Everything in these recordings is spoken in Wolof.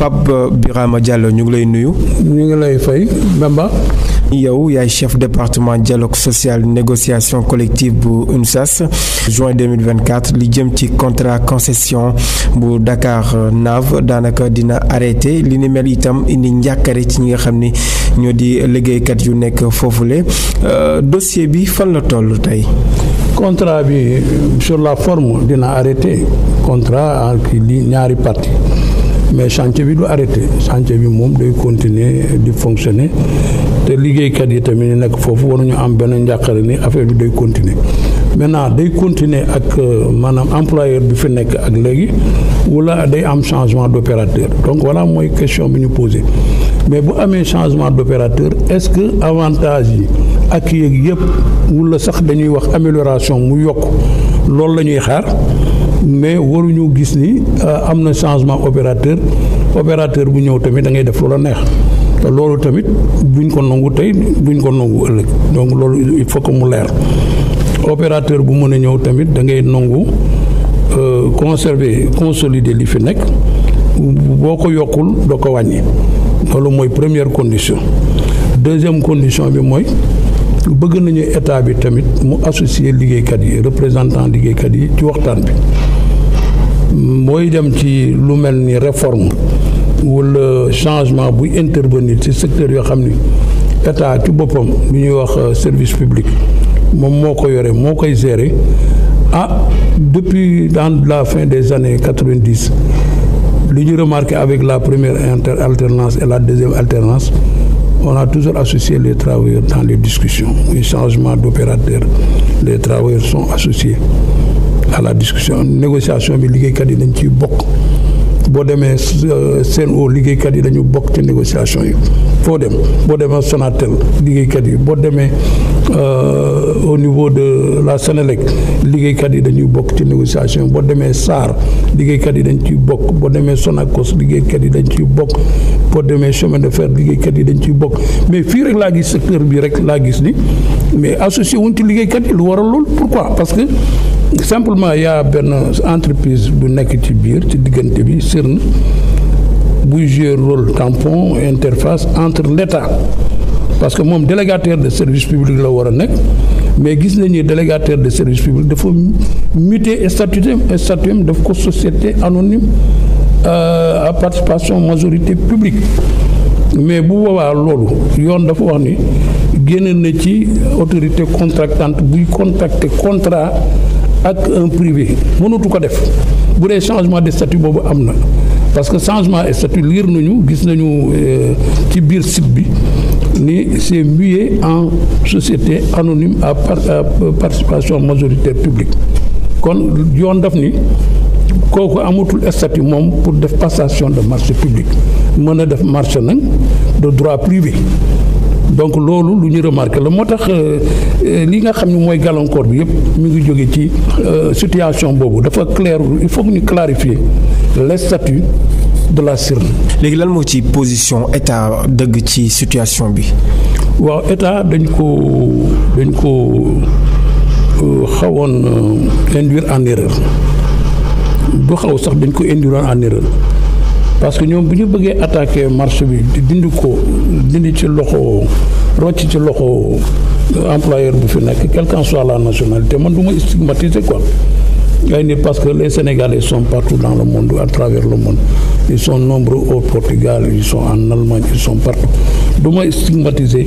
Pape Birama Diallo ñu ngi lay nuyu. ñu ngi lay fay Bamba. yow yaay chef département dialogue social négociation collective bu UNSAS juin 2024 li jëm ci contrat concession bu Dakar Nav daanaka dina arrêté li ni mel itam indi njàkkare ci ñi nga xam ni ñoo di liggéeykat yu nekk foofule euh, dossier bi fan la toll tey. contrat bi sur la forme dina arrêté contrat ak li ñaari parti mais chantier bi du arrêté chantier bi moom day continuer di fonctionner te liggéeykat yi tamit ñu nekk foofu waruñu am benn njàqare ni affaire bi day continuer maintenant day continuer ak euh, maanaam employeur bi fi nekk ak léegi wala day am changement d'opérateur donc voilà mooy question bi ñu posé mais bu amee changement d'opérateur est-ce que avantage yi ak yéeg yëpp wala sax dañuy wax amélioration mu yokk loolu la ñuy xaar mais waruñu gis ni euh, am na changement opérateur opérateur bu ñëw tamit da ngay def loola neex te loolu tamit duñ ko nangu tey duñ ko nangu ëllëg donc loolu il faut que mu leer opérateur bu mën a ñëw tamit da ngay nangu euh, conserver consolider li fi nekk boo ko yokkul doo ko wàññi loolu mooy première condition deuxième condition bi mooy bëgg nañu état bi tamit mu associer liggéeykat yi représentant liggéeykat yi ci waxtaan bi mooy dem ci lu mel ni réforme wala changement buy intervenir ci secteur yoo xam ni ta ci boppam lu ñuy wax euh, service public moom moo ko yore moo koy gérer ah depuis dans la fin des années quatre dix lu ñu remarqué avec la première inter alternance et la deuxième alternance ona a toujours associé les travailleurs dans les discussions les changements d'opérateurs les travailleurs sont associés à la discussion négociation bi liggéeykat yi dañ ciy bokk boo demee euh, seen o liggéeykat yi dañu bokk ci négociation yi foo dem boo demee Sonatel liggéeykat yi boo demee euh, au niveau de la Sénélec liggéeykat yi dañuy bokk ci négociation boo demee SAR liggéeykat yi dañ ciy bokk boo demee Sonacos liggéeykat yi dañ ciy bokk boo demee chemin de fer liggéeykat yi dañ ciy bokk mais fii rek laa gis secteur bi rek laa gis ni mais associé wuñ ci liggéeykat yi lu waral lool pourquoi parce que simplement yaa benn entreprise bu nekk ci biir ci diggante bi CERN buy jouer rôle tampon interface entre l'État parce que moom délégataire de service public la war a nekk mais gis nañu délégataire de service public dafa muté statutam statutam daf ko société anonyme euh, à participation majorité publique mais bu boobaa loolu yoon dafa wax ni génn na ci autorité contractante buy contracté contrat ak un privé mënatu ko def bu dee changement de statut boobu am na parce que changement de statut liir nañu gis nañu euh, ci biir site bi ni c'est mué en société anonyme à participation majoritaire publique kon yoon def ni kooku amatul statut moom pour def passation de marché public mën a def marché nag de droit privé donc loolu lu ñu remarqué la moo tax euh, li nga xam ne mooy gàllankoor bi yëpp mu ngi jóge ci euh, situation boobu dafa clair il faut que ñu clarifier les statuts de la CIRN. léegi lan moo ci position état dëgg ci situation bi. waaw état dañ ko dañ ko euh, xawoon induire en erreur du xaw sax dañ ko induire en erreur. parce que ñoom bu ñu bëggee attaquer marché bi dindi ko dindi ci loxo rocc ci loxo employeur bu fi nekk quel qu'en soit la nationalité man du ma stigmatiser quoi ngay ni parce que les Sénégalais son partout dans le monde à travers le monde ils sont nombreux au Portugal ils sont en Allemagne ils sont partout du may stigmatiser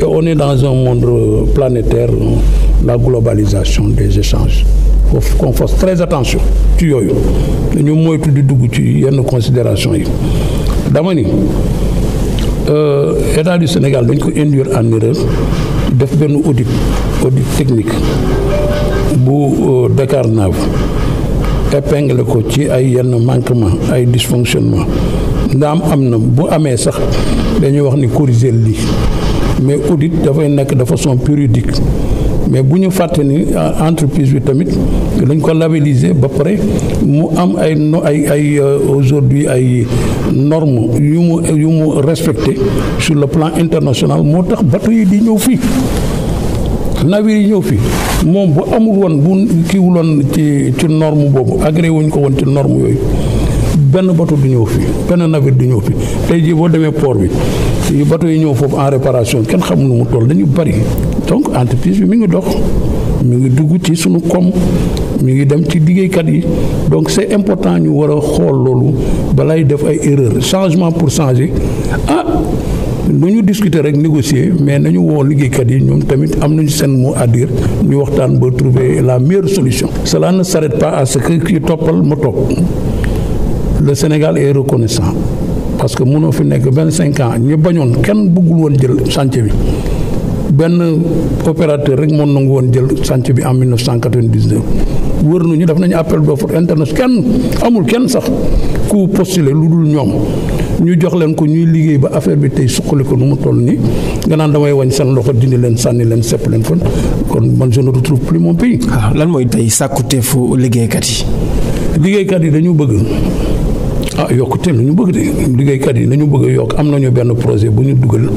et on dans un monde euh, planétaire euh, la globalisation des échanges foofu qu'on fasse très attention ci mooy ñu moytu di dugg ci yenn considération yi damani ni euh, état du Sénégal dañ ko induire en def benn audit audit technique bu Dakarnave épingle ko ci ay yenn manquement ay dysfonctionnement ndaam am na bu amee sax dañuy wax ni corriger lii mais audit dafay nekk de façon périodique mais bu ñu fàtte ni euh, entreprise bi tamit dañ ko labelliser ba pare mu am ay no ay ay euh, aujourd'hui ay normes yu mu yu mu respecté sur le plan international moo tax bateau yi di ñëw fii navire yi ñëw fii moom bu amul woon bu kiiwuloon ci ci norme boobu agréé wuñ ko woon ci norme yooyu benn bato du ñëw fii benn navire du ñëw fii tey jii boo demee port bi yu bato yi ñëw foofu en réparation kenn xamul mu toll dañu bari donc entreprise bi mi ngi dox mu ngi dugg ci suñu koom mi ngi dem ci liggéeykat yi donc c'est important ñu war a xool loolu balay def ay erreur changement pour changer ah lu ñu discuter rek négocier mais nañu woo liggéeykat yi ñoom tamit am nañu seen mot à dire ñu waxtaan ba trouver la meilleure solution. cela ne s'arrête pas à que kii toppal ma le Sénégal est reconnaissant parce que munoo fi nekk vingt cinq ans ñu bañoon kenn bëggul woon jël chantier bi benn opérateur rek moo nangu woon jël chantier bi en 1999 wër nañu def nañu appel d'offre internet kenn amul kenn sax ku postuler lu dul ñoom ñu jox leen ko ñuy liggéey ba affaire bi tey suqali ko nu mu toll nii nga naan damay wañ seen loxo dindi leen sànni leen sepp leen fan kon man je ne retrouve plus mon pays. Ah, lan mooy tey sàkkuteefu liggéeykat yi. liggéeykat yi dañu bëgg. ah yokk tamit ñu bëgg de liggéeykat yi nañu bëgg a yokk am nañu benn projet bu ñu dugal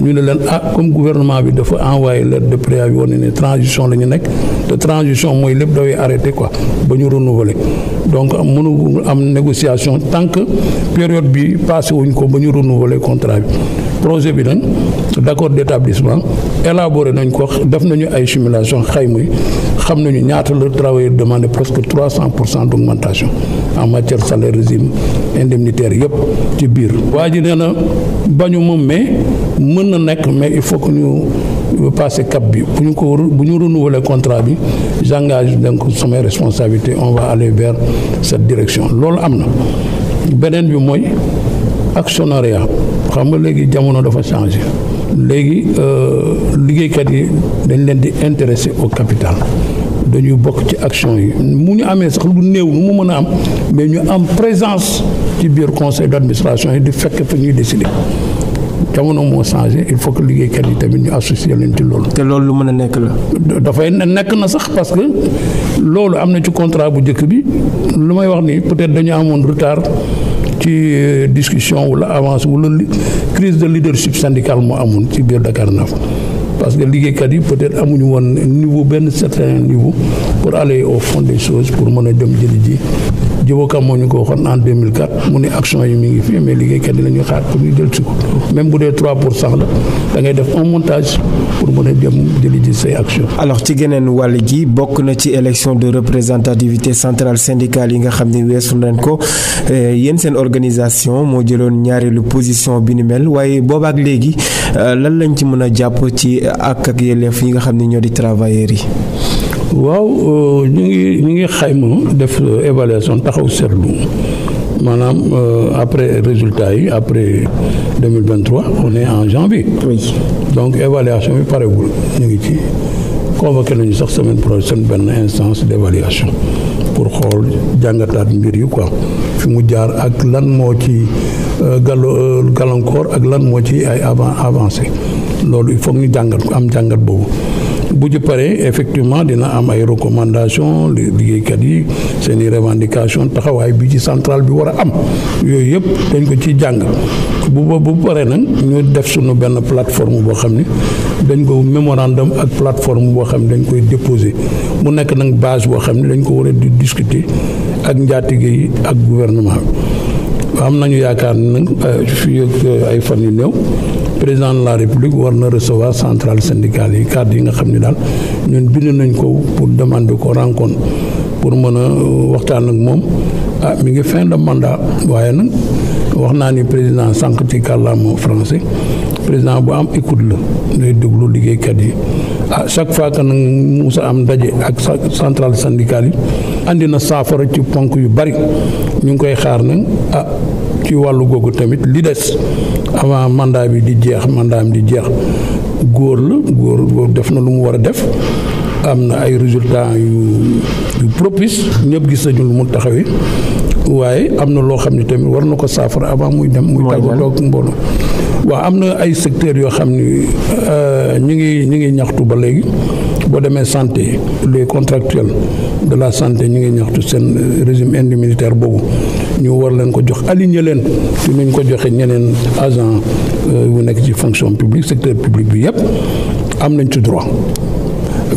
ñu ne leen ah comme gouvernement bi dafa envoyé lettre de préavis woon ne transition la ñu nekk te transition mooy lépp dawee arrêté quoi ba ñu renouveler donc mënu am négociation tant que période bi passé wuñ ko ba ñu renouveler contrat bi projet bi nag d'accord d'établissement élaboré nañ ko def nañu ay simulation xayma yi xam nañu ñaata la travailleur demandé presque trois cent pour cent d'augmentation en matière salaire régime indemnitaire yëpp ci biir waa ji nee na bañu moom mais mën na nekk mais il faut que ñu passé cap bi bu ñu ko bu ñu renouveler contrat bi j'engage donc sama responsabilité on va aller vers cette direction loolu am na beneen bi mooy actionnariat xam nga léegi jamono dafa changé léegi euh, liggéeykat yi dañ leen di intéressé o capital dañuy bokk ci action yi mu ñu amee sax lu néew nu mu mën a am mais ñu am présence ci biir conseil d' administration yi di fekk fa ñuy décider jamono moo changé il faut que liggéeykat yi tamit ñu associé leen ci loolu. te loolu lu mën a nekk la. dafay nekk na sax parce que loolu am na ci contrat bu njëkk bi lu may wax ni peut-être dañu amoon retard. ci euh, discussion wala avance wala crise de leadership syndical moo amul ci biir Dakar Naaf parce que liggéeykat yi peut-être amuñu woon niveau benn certain niveau pour aller au fond des choses pour mën a dem jëli ji Jëboka moo ñu ko waxoon en 2004 mu ne action yi mi ngi fii mais liggéeykat yi la xaar même bu dee 3 pour cent da ngay def un montage pour mën a dem jëli ji action alors ci geneen wàll gi bokk na ci élection de représentativité centrale syndicale yi nga xam ni weesu nañ ko eh, yéen seen organisation moo jëloon ñaareelu position bi ni mel waaye boobaak léegi eh, lan lañ ci mën a jàpp ci ak ak yelleef yi nga xam ne ñoo di travailleurs yi. waaw euh, ñu ngi ñu ngi xayma def évaluation taxaw seetlu maanaam euh, après résultat yi après 2023 on est en janvier. Oui. donc évaluation bi parewul ñu ngi ci convoqué nañu sax semaine prochaine benn instance d'évaluation pour xool jàngataat mbir yi quoi fi mu jaar ak lan moo ci euh, gallo gàllankoor ak lan moo ci ay avancé loolu il faut ñu jàngat am jàngat boobu bu ci paree effectivement dina am ay recommandation liggéeykat yi seen i revendication taxawaay bi ci centrale bi war a am yooyu yëpp dañ ko ci jàng bu ba bu paree nag ñu def suñu benn plateforme boo xam ne dañ ko mémorandum ak plateforme boo xam ne dañ koy déposer mu nekk nag base boo xam ne dañ ko war a di discuter ak njaatige ak gouvernement am nañu yaakaar nag euh, fii ak euh, ay fan yu néew président de la république war na recevoir centrale syndicale yi cadre yi nga xam ne daal ñun bind nañ ko pour demander ko rencontre pour mën a euh, waxtaan ak moom ah mi ngi fin de mandat waaye nag wax naa ni président sànq ci kàllaama français président bu am écoute la day déglu liggéeykat yi ah chaque fois kana nag Moussa am daje ak centrale syndicale yi andi na saafara ci ponk yu bari ñu ngi koy xaar nag ah ci wàllu googu tamit li des avant mandaa bi di jeex mandat am di jeex góor la góor def na lu mu war a def am na ay résultats yu yu propice ñëpp gis nañu lu mu taxawee waaye am na loo xam ne tamit war na ko saafara avant muy dem muy tàggatoo ak mbooloo waa am na ay secteurs yoo xam ni euh, ñu ngi ñu ngi ñaxtu ba léegi boo demee santé les contractuels de la santé ñu ngi ñaxtu seen euh, régime indemnitaire boobu ñu war leen ko jox aligné leen te nuñ ko joxe ñeneen agent euh, yu nekk ci fonction publique secteur public bi yépp am nañ ci droit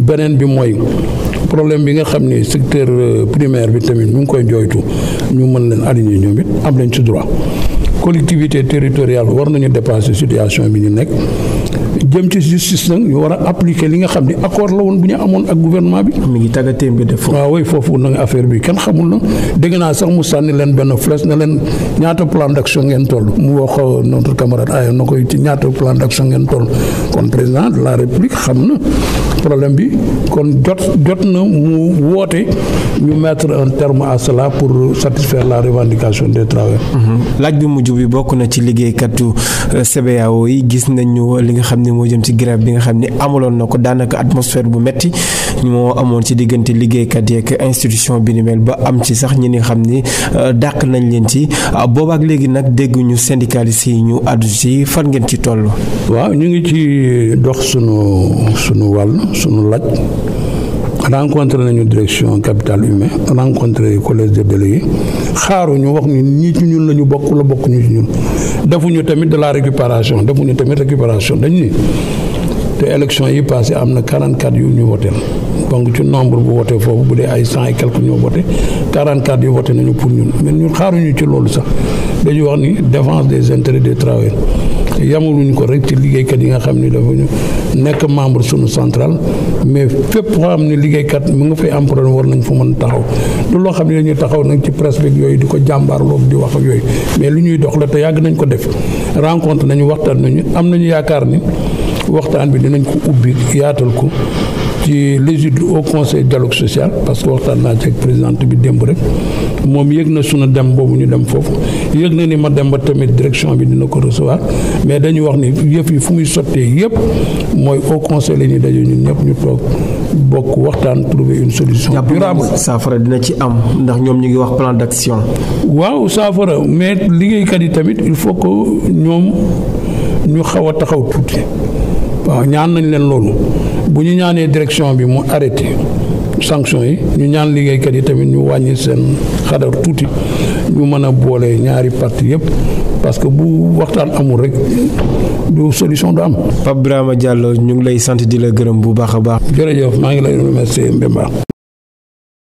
beneen bi mooy problème bi nga xam ni secteur euh, primaire bi tamit ñu ngi koy jooytu ñu mën leen aligné ñoom it am nañ ci droit collectivité territorial war nañu dépasser situation bi ñu nekk jëm ci justice nag ñu war a appliquer li nga xam ne accord la woon bu ñu amoon ak gouvernement bi. mi ngi foofu. waaw ah oui foofu bi kenn xamul na dégg naa sax mu sànni leen benn flèche ne leen ñaata plan d'action ngeen toll mu wax euh, notre camarade ay na koy ci ñaata plan d'action ngeen toll kon président de la république xam na problème bi kon jot jot na mu woote ñu mettre un terme à pour satisfaire la revendication des travailleurs. Mm-hmm. laaj bi mujj bi bokk na moo jëm ci grève bi nga xam ni amaloon na ko daanaka atmosphère bu metti moo amoon ci diggante liggéeykat yeeg institution bi ni mel ba am ci sax ñi ni xam ni euh, dàq nañ leen ci euh, boobaak léegi nag dégguñu syndicalistes yi ñu àddu ci fan ngeen ci toll. waaw ñu ngi ci dox sunu sunu wàll sunu laaj. rencontré nañu direction capital humain rencontré collège de délégués xaaru ñu wax ñu ñii ci ñun la ñu bokk la bokk ñu ci ñun defuñu tamit de la récupération defuñu tamit récupération dañ ni te élection yi passé am na 44 yu ñu woteel donc ci nombre bu wote foofu bu dee ay cent et quelques ñoo voté 44 yu voté nañu pour ñun mais ñun xaaruñu ci loolu sax dañu wax ni défense des intérêts des travailleurs te yamaluñ ko rek ci liggéeykat yi nga xam ni dafa ñu nekk membre sunu central mais fépp koo xam ne liggéeykat mu nga fay am problème war nañ fa mën taxaw du loo xam ne dañuy taxaw nag ci presse yooyu di ko jàmbaarloog di wax ak yooyu mais lu ñuy dox la te yàgg nañ ko def rencontre nañu waxtaan nañu am nañu yaakaar ni waxtaan bi dinañ ko ubbi yaatal ko ci résidus au conseil dialogue social parce que waxtaan naa ci ak présidente bi démb rek moom yëg na sunu dem boobu ñu dem foofu yëg na ni ma dem ba tamit direction bi dina ko recevoir mais dañu wax ni yëpp yi fu muy sottee yëpp mooy au conseil la ñuy daje ñun ñëpp ñu toog bokk waxtaan trouver une solution durable saafara dina ci am ndax ñoom ñu ngi wax plan d'action waaw saafara mais liggéeykat yi tamit il faut que ñoom ñu xaw a taxaw tuuti waaw leen loolu bu ñu ñaanee direction bi mu arrêté sanction yi ñu ñaan liggéeykat yi tamit ñu wàññi seen xadar tuuti ñu mën a boole ñaari parti yëpp parce que bu waxtaan amul rek du solution du am. Pape a jàlloo ñu ngi lay sant di la gërëm bu baax a baax. jërëjëf maa ngi lay remercier Mbemba.